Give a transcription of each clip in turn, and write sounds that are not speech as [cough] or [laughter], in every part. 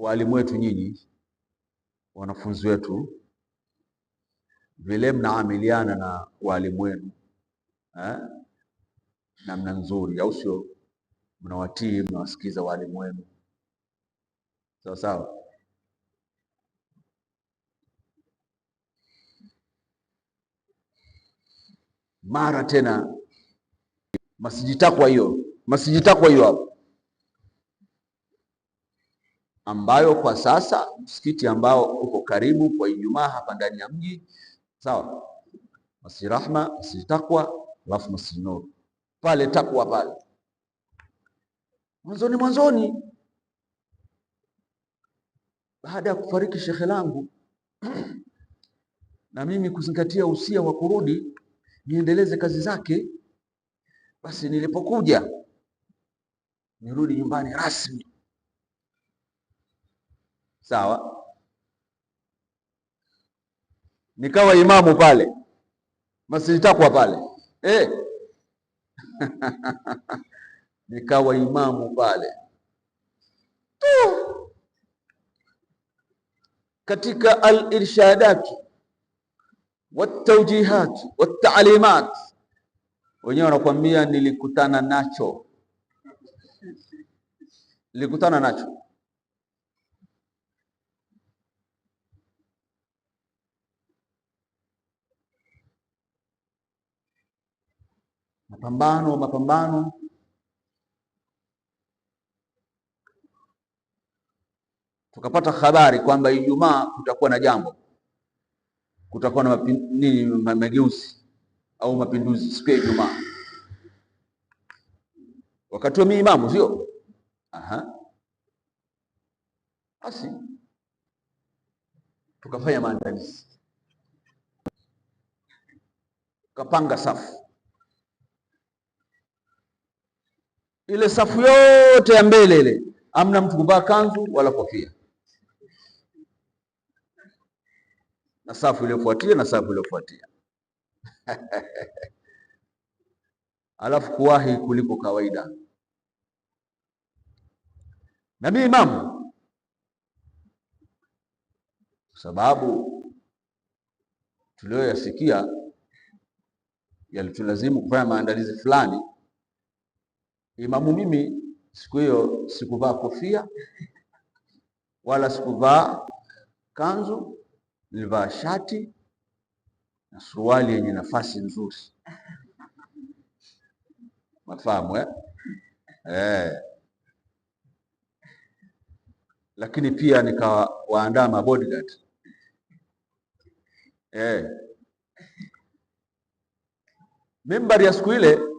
walimu wetu nyinyi, wanafunzi wetu, vile mnaamiliana na walimu wenu eh, namna nzuri, au sio? Mnawatii, mnawasikiza walimu wenu sawa sawa. Mara tena masijitakwa hiyo, masijitakwa hiyo hapo ambayo kwa sasa msikiti ambao uko karibu kwa Ijumaa hapa ndani ya mji sawa, Masjid Rahma, Masjid Takwa, alafu Masjid Nur pale takwa pale mwanzoni mwanzoni, baada ya kufariki shekhe langu [clears throat] na mimi kuzingatia usia wa kurudi niendeleze kazi zake, basi nilipokuja nirudi nyumbani rasmi sawa, nikawa imamu pale masjidi takwa pale eh. [laughs] nikawa imamu pale tu katika al-irshadati watawjihati talimat wenyewe wanakuambia nilikutana nacho, nilikutana nacho mapambano mapambano tukapata habari kwamba Ijumaa kutakuwa na jambo, kutakuwa na nini, mageuzi au mapinduzi siku ya Ijumaa. Wakati wa mimi imamu, sio aha, basi tukafanya maandalizi, tukapanga safu ile safu yote ya mbele ile, amna mtu kuvaa kanzu wala kofia, na safu iliyofuatia na safu iliyofuatia [laughs] alafu kuwahi kuliko kawaida. Nabii imamu, kwa sababu tuliyoyasikia yalitulazimu kufanya maandalizi fulani Imamu mimi siku hiyo sikuvaa kofia wala sikuvaa kanzu, nilivaa shati na suruali yenye nafasi nzuri, mafahamu eh? Eh, lakini pia nikawaandaa mabodyguard eh. Membari ya siku ile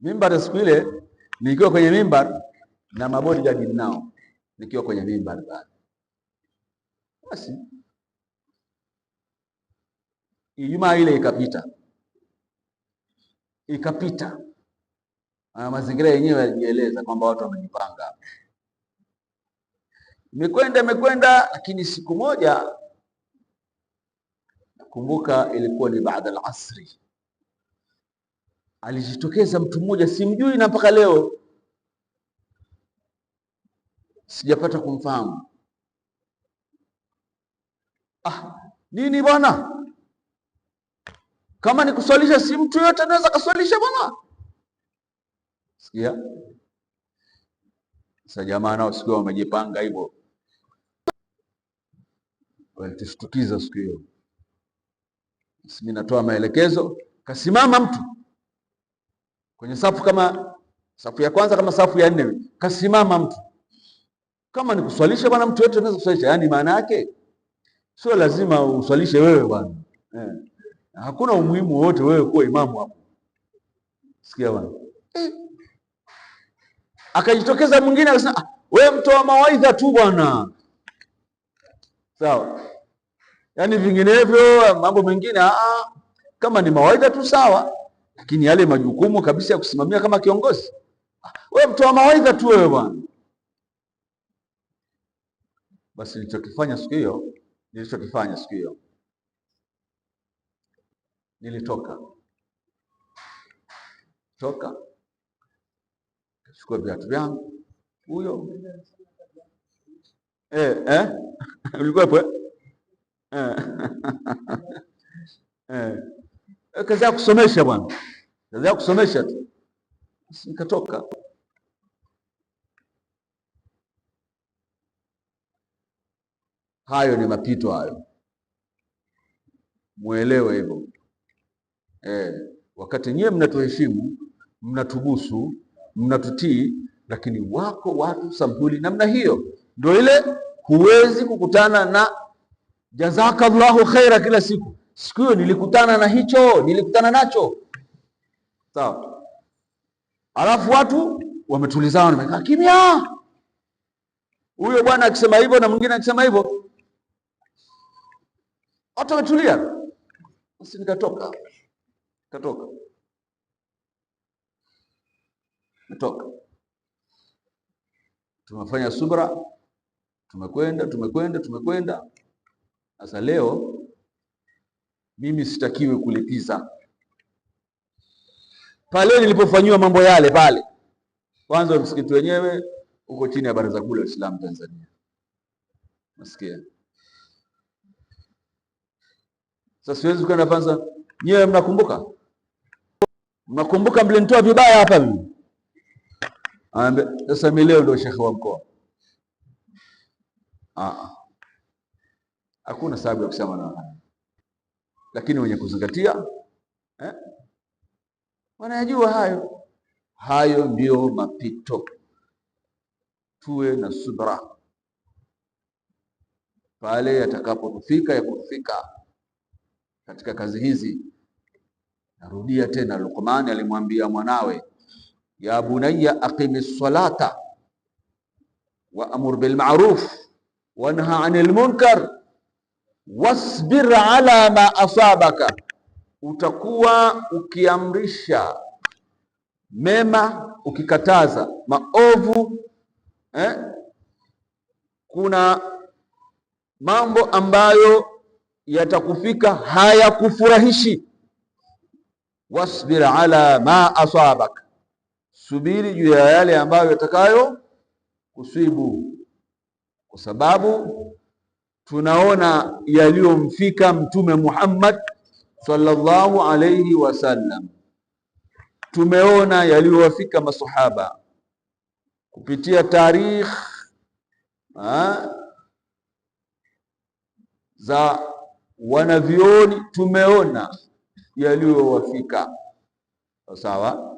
mimbar siku ile nikiwa kwenye mimbar na mabodi jadi nao, nikiwa kwenye mimbar bado basi, Ijumaa ile ikapita ikapita. Ah, mazingira yenyewe yalijieleza kwamba watu wamejipanga, imekwenda imekwenda, lakini siku moja nakumbuka ilikuwa ni baada al-asri alijitokeza mtu mmoja simjui, na mpaka leo sijapata kumfahamu. Ah, nini bwana, kama nikuswalisha, si mtu yote anaweza kaswalisha bwana. Sikia sasa, jamaa nao siku wamejipanga hivyo, walitushtukiza siku hiyo. Mimi natoa maelekezo, kasimama mtu kwenye safu kama safu ya kwanza kama safu ya nne, kasimama mtu kama ni kuswalisha bwana, mtu yote anaweza kuswalisha. Yani maana yake sio lazima uswalishe wewe bwana eh. Hakuna umuhimu wowote wewe kuwa imamu hapo, sikia bwana eh. Akajitokeza mwingine akasema, ah, wewe wa mawaidha tu bwana, sawa. yani vinginevyo mambo mengine ah, ah, kama ni mawaidha tu sawa lakini yale majukumu kabisa ya kusimamia kama kiongozi, wewe wa mawaidha tu wewe bwana. Basi nilichokifanya siku hiyo, nilichokifanya siku hiyo, nilitoka toka, kachukua viatu vyangu huyo eh, eh? [laughs] ulikuwepo eh? [laughs] eh. eh. Eh, kazi ya kusomesha bwana, kazi ya kusomesha tu, nikatoka Hayo ni mapito hayo, mwelewe hivyo e. Wakati nyewe mnatuheshimu, mnatubusu, mnatutii, lakini wako watu sampuli namna hiyo, ndio ile huwezi kukutana na jazakallahu khaira kila siku siku hiyo nilikutana na hicho, nilikutana nacho. Sawa. Alafu watu wametulizana, wamekaa kimya, huyo bwana akisema hivyo na mwingine akisema hivyo, watu wametulia. Basi nikatoka, katoka nikatoka. Tumefanya subra, tumekwenda, tumekwenda, tumekwenda. Sasa leo mimi sitakiwe kulipiza. Pale nilipofanyiwa mambo yale pale, kwanza msikiti wenyewe uko chini ya Baraza Kuu la Waislamu Tanzania, nasikia sasa. Siwezi kwenda kwanza, nyewe mnakumbuka, mnakumbuka mlinitoa vibaya hapa mimi. Ambe, sasa, mimi leo ndio shekhe wa mkoa. Ah, ah. hakuna sababu ya kusema na lakini wenye kuzingatia eh, wanayajua hayo. Hayo ndio mapito. Tuwe na subra pale yatakapotufika ya kutufika katika kazi hizi. Narudia tena, Luqman alimwambia mwanawe, ya bunayya aqimi salata wa amur bil ma'ruf wanha anil munkar wasbir ala ma asabaka, utakuwa ukiamrisha mema ukikataza maovu eh? Kuna mambo ambayo yatakufika hayakufurahishi. Wasbir ala ma asabaka, subiri juu ya yale ambayo yatakayo kusibu, kwa sababu tunaona yaliyomfika Mtume Muhammad sallallahu alayhi wasallam, tumeona yaliyowafika masahaba kupitia tarikh ha, za wanavyoni, tumeona yaliyowafika sawa.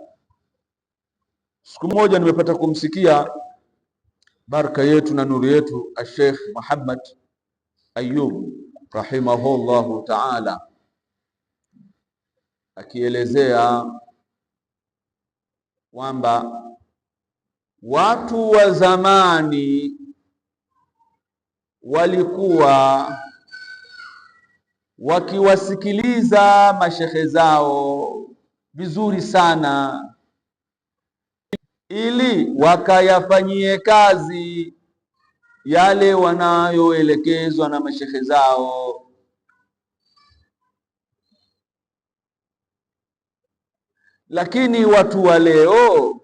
Siku moja nimepata kumsikia baraka yetu na nuru yetu Sheikh Muhammad Ayub rahimahullahu taala akielezea kwamba watu wa zamani walikuwa wakiwasikiliza mashehe zao vizuri sana, ili wakayafanyie kazi yale wanayoelekezwa na mashehe zao. Lakini watu wa leo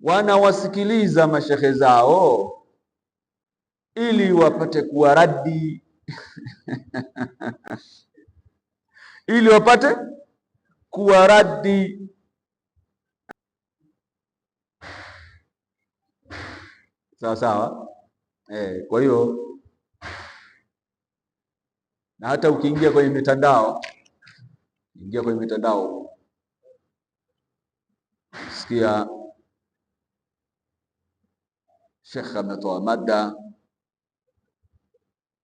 wanawasikiliza mashehe zao ili wapate kuwa radi [laughs] ili wapate kuwa radi sawa sawa. Eh, kwa hiyo na hata ukiingia kwenye mitandao, ingia kwenye mitandao, sikia shekhe ametoa mada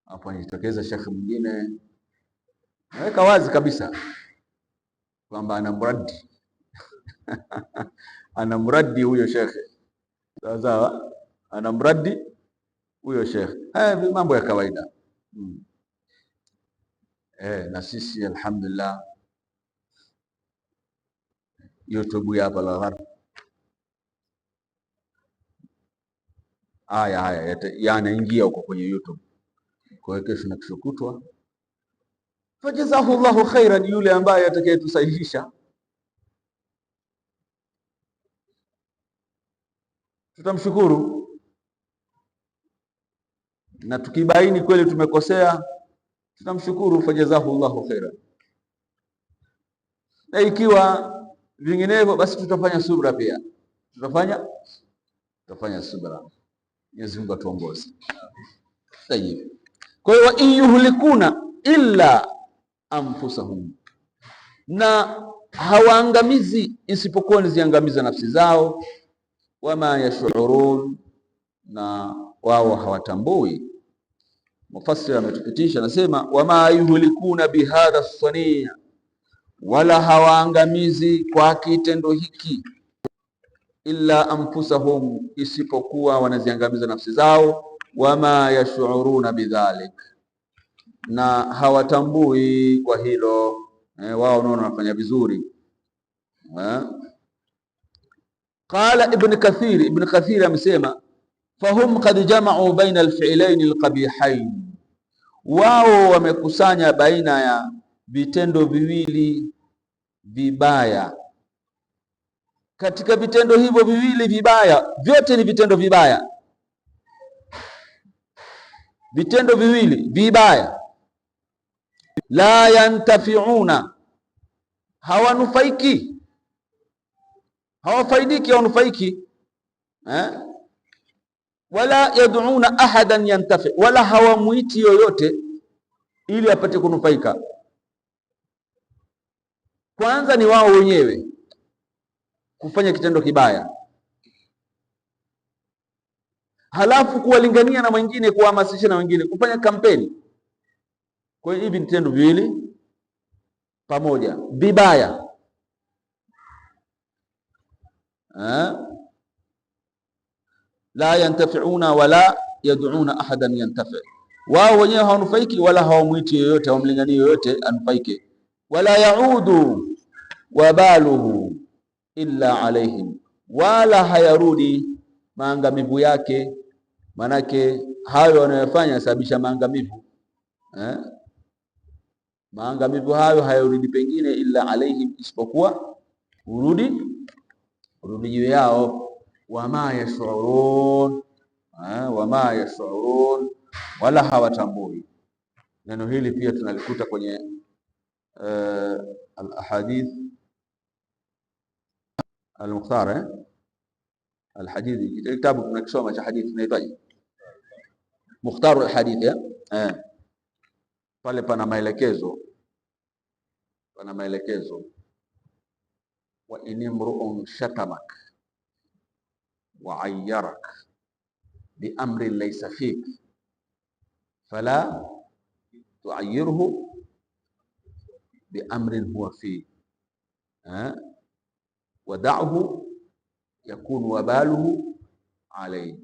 hapo, anajitokeza shekhe mwingine naweka wazi kabisa kwamba ana mradi [laughs] ana mradi huyo shekhe, sawa sawa anamradi huyo shekhe. Eh, haya mambo ya kawaida hmm. Eh, na sisi alhamdulillah YouTube hapa lahar gharb haya haya yanaingia huko kwenye YouTube. Kwa hiyo kesho na kesho kutwa, fajazahullahu khairan, yule ambaye atakayetusailisha tutamshukuru na tukibaini kweli tumekosea, tutamshukuru fajazahullahu khaira, na ikiwa vinginevyo, basi tutafanya subra pia, tutafanya tutafanya subra. Mwenyezi Mungu atuongoze. Sahihi. Kwa hiyo in yuhlikuna illa anfusahum, na hawaangamizi isipokuwa niziangamiza nafsi zao, wama yashurun, na wao hawatambui Mufassir ametupitisha anasema, wama yuhlikuna bihadha sania, wala hawaangamizi kwa kitendo hiki illa anfusahum, isipokuwa wanaziangamiza nafsi zao. Wama yashuruna bidhalik, na hawatambui kwa hilo. E, wao naona wanafanya vizuri e. Qala Ibn Kathir, Ibn Kathir amesema fahum qad jamau baina alfilain alqabihain, wao wamekusanya baina ya vitendo viwili vibaya. Katika vitendo hivyo viwili vibaya, vyote ni vitendo vibaya, vitendo viwili vibaya. La yantafiuna, hawanufaiki, hawafaidiki, hawanufaiki eh? wala yad'una ahadan yantafi, wala hawamuiti yoyote ili apate kunufaika. Kwanza ni wao wenyewe kufanya kitendo kibaya, halafu kuwalingania na wengine, kuwahamasisha na wengine kufanya kampeni. Kwa hiyo hivi vitendo viwili pamoja vibaya eh? la yantafiuna wala yaduuna ahadan yantafi, wao wenyewe hawanufaiki wala hawamwiti yoyote, hawamlingani yoyote anufaike. Wala yaudu wabaluhu illa alaihim, wala hayarudi maangamivu yake, manake hayo wanayofanya yasababisha maangamivu eh? maangamivu hayo hayarudi pengine illa alaihim, isipokuwa urudi urudi juu yao wama yashurun, wama yashurun, wala hawatambui. Neno hili pia tunalikuta kwenye uh, alahadith almukhtar eh? Alhadith, kitabu tunakisoma cha hadithi inaitwaje? mukhtar alhadith eh? Eh. Pale pana maelekezo, pana maelekezo wa inimruun shatamak وعيرك بأمر ليس فيك فلا تعيره بأمر هو فيه آه؟ ودعه يكون وباله عليه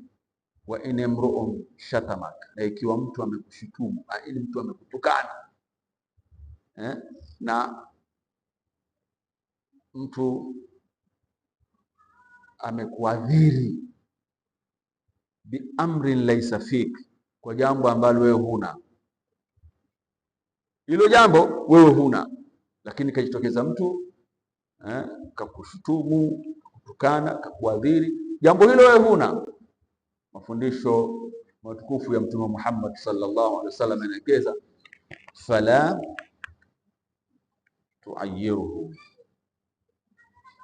وإن امرؤ شتمك لكي ومتو أمكشتوم أين متو أمكتكان آه؟ نعم متو amekuadhiri biamrin laisa fik, kwa jambo ambalo wewe huna hilo jambo, wewe huna lakini kajitokeza mtu eh, kakushutumu, kutukana, kakuadhiri, jambo hilo wewe huna. Mafundisho matukufu ya Mtume Muhammad sallallahu alaihi wasallam yanaelekeza fala tuayiruhu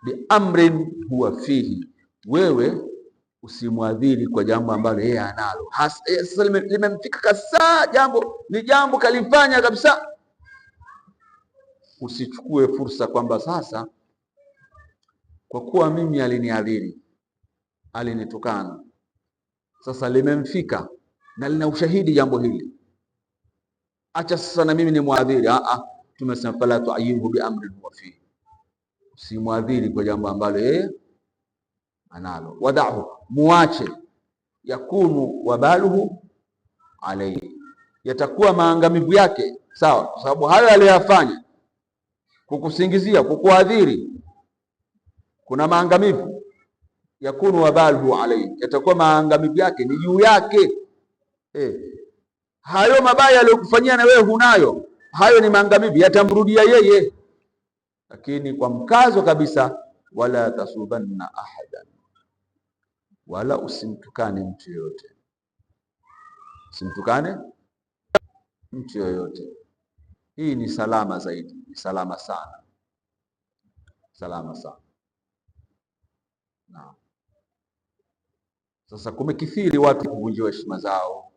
biamrin huwa fihi wewe usimwadhiri kwa jambo ambalo yeye analo eh, sasa, limemfika kasa jambo ni jambo kalifanya kabisa. Usichukue fursa kwamba sasa, kwa kuwa mimi aliniadhiri, alinitukana, sasa limemfika na lina ushahidi jambo hili, acha sasa na mimi ni mwadhiri. Ah, ah, tumesema fala tuayibu biamrin huwa fihi, usimwadhiri kwa jambo ambalo yeye analo, wadahu, muache, yakunu wabaluhu alaihi, yatakuwa maangamivu yake. Sawa, kwa sababu hayo aliyoyafanya, kukusingizia, kukuadhiri, kuna maangamivu. Yakunu wabaluhu alayhi, yatakuwa maangamivu yake ni juu yake. Eh, hayo mabaya aliyokufanyia na wewe hunayo, hayo ni maangamivu, yatamrudia yeye lakini kwa mkazo kabisa, wala tasubanna ahadan wala usimtukane mtu yoyote, usimtukane mtu yoyote. Hii ni salama zaidi, ni salama sana, salama sana. na. Sasa kumekithiri watu kuvunjiwa heshima zao.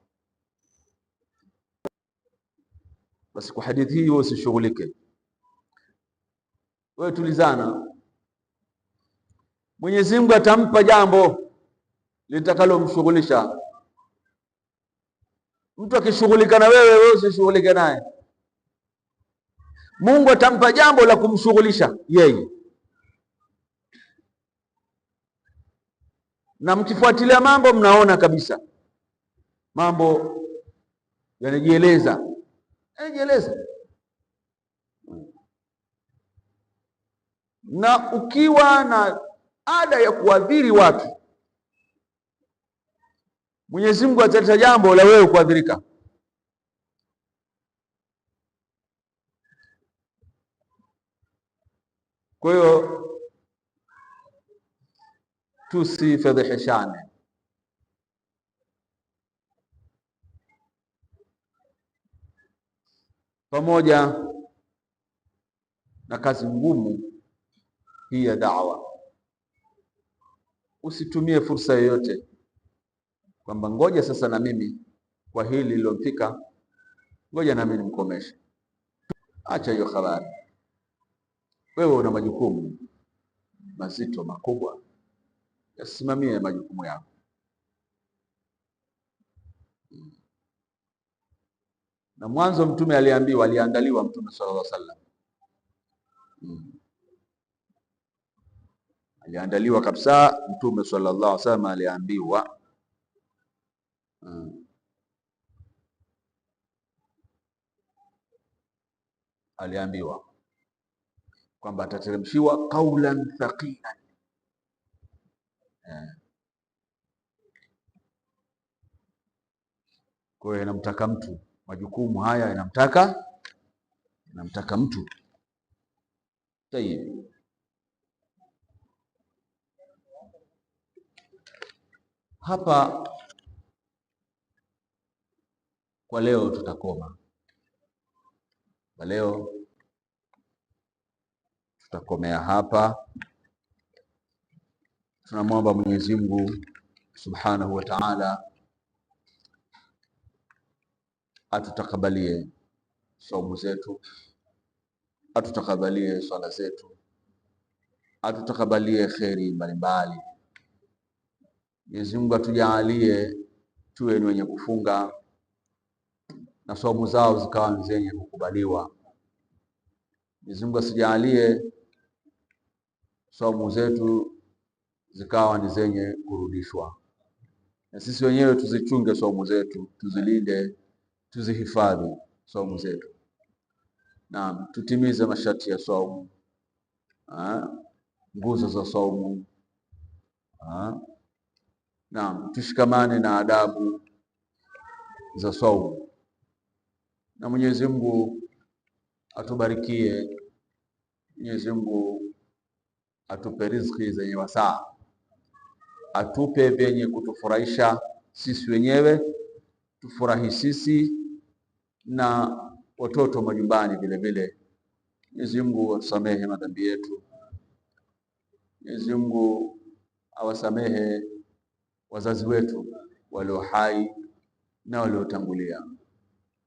Basi kwa hadithi hii wewe usishughulike, wewe tulizana. Mwenyezi Mungu atampa jambo litakalomshughulisha. Mtu akishughulika na wewe, wewe usishughulike naye. Mungu atampa jambo la kumshughulisha yeye, na mkifuatilia mambo mnaona kabisa mambo yanajieleza, yanajieleza. Na ukiwa na ada ya kuadhiri watu Mwenyezi Mungu atalisha jambo la wewe kuadhirika. Kwa hiyo tusifedheheshane, pamoja na kazi ngumu hii ya da'wa, usitumie fursa yoyote kwamba ngoja sasa na mimi kwa hili lililomfika, ngoja na mimi nimkomeshe. Acha hiyo habari, wewe una majukumu mazito makubwa, yasimamie majukumu yako. Na mwanzo mtume aliambiwa, aliandaliwa mtume sallallahu alaihi wasallam hmm. aliandaliwa kabisa mtume sallallahu alaihi wasallam aliambiwa Mm. aliambiwa kwamba atateremshiwa qaulan thaqilan eh. Kwa hiyo inamtaka mtu, majukumu haya inamtaka inamtaka mtu tayib. Hapa kwa leo tutakoma, kwa leo tutakomea hapa. Tunamwomba Mwenyezi Mungu Subhanahu wa Ta'ala atutakabalie saumu zetu, atutakabalie swala zetu, atutakabalie kheri mbalimbali. Mwenyezi Mungu atujaalie tuwe ni wenye kufunga na somo zao zikawa ni zenye kukubaliwa. Mwenyezi Mungu asijalie somo zetu zikawa ni zenye kurudishwa, na sisi wenyewe tuzichunge somo zetu, tuzilinde, tuzihifadhi somo zetu. na tutimize masharti ya somo, nguzo za somo. Naam, tushikamane na adabu za somo na Mwenyezi Mungu atubarikie, Mwenyezi Mungu atupe riziki zenye wasaa, atupe vyenye kutufurahisha sisi wenyewe, tufurahi sisi na watoto majumbani vile vile. Mwenyezi Mungu atusamehe madhambi yetu. Mwenyezi Mungu awasamehe wazazi wetu walio hai na waliotangulia.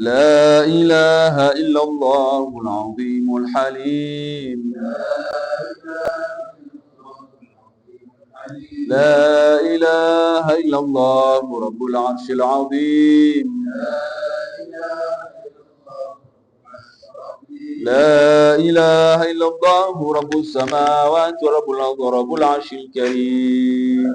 لا إله إلا الله العظيم الحليم لا إله إلا الله رب العرش العظيم لا إله إلا الله رب السماوات ورب الأرض رب العرش الكريم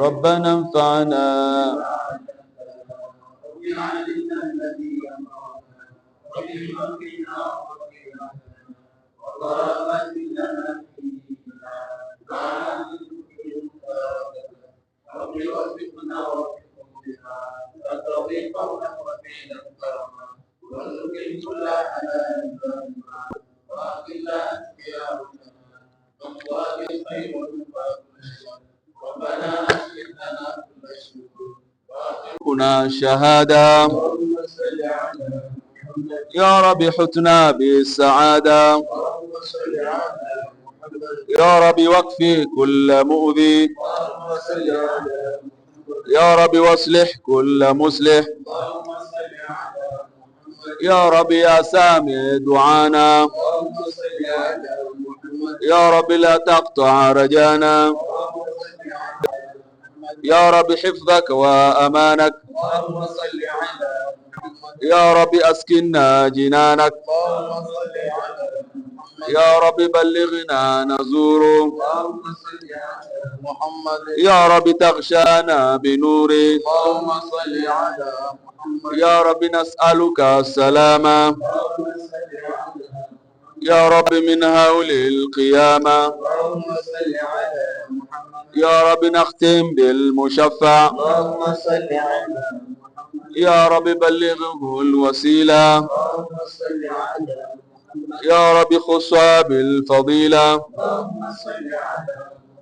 ربنا انفعنا شهادة يا رب حتنا بالسعادة يا رب وكفي كل مؤذي يا رب واصلح كل مسلح يا رب يا سامع دعانا يا رب لا تقطع رجانا يا رب حفظك وأمانك اللهم صل على محمد يا رب أسكننا جنانك اللهم صل على محمد يا رب بلغنا نزوره اللهم صل على محمد يا رب تغشانا بنوره اللهم صل على محمد يا رب نسألك السلامة يا رب من هول القيامة اللهم صل على يا رب نختم بالمشفع اللهم صل على محمد يا رب بلغه الوسيلة اللهم صل على محمد يا رب خصها بالفضيلة اللهم صل على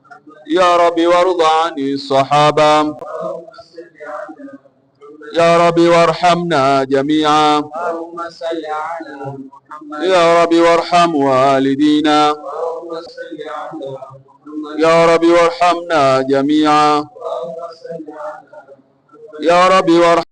محمد يا رب وارض عن الصحابة اللهم صل على محمد يا رب وارحمنا جميعا اللهم صل على محمد يا رب وارحم والدينا اللهم صل على محمد ya Rabbi warhamna jamia ya Rabbi warhamna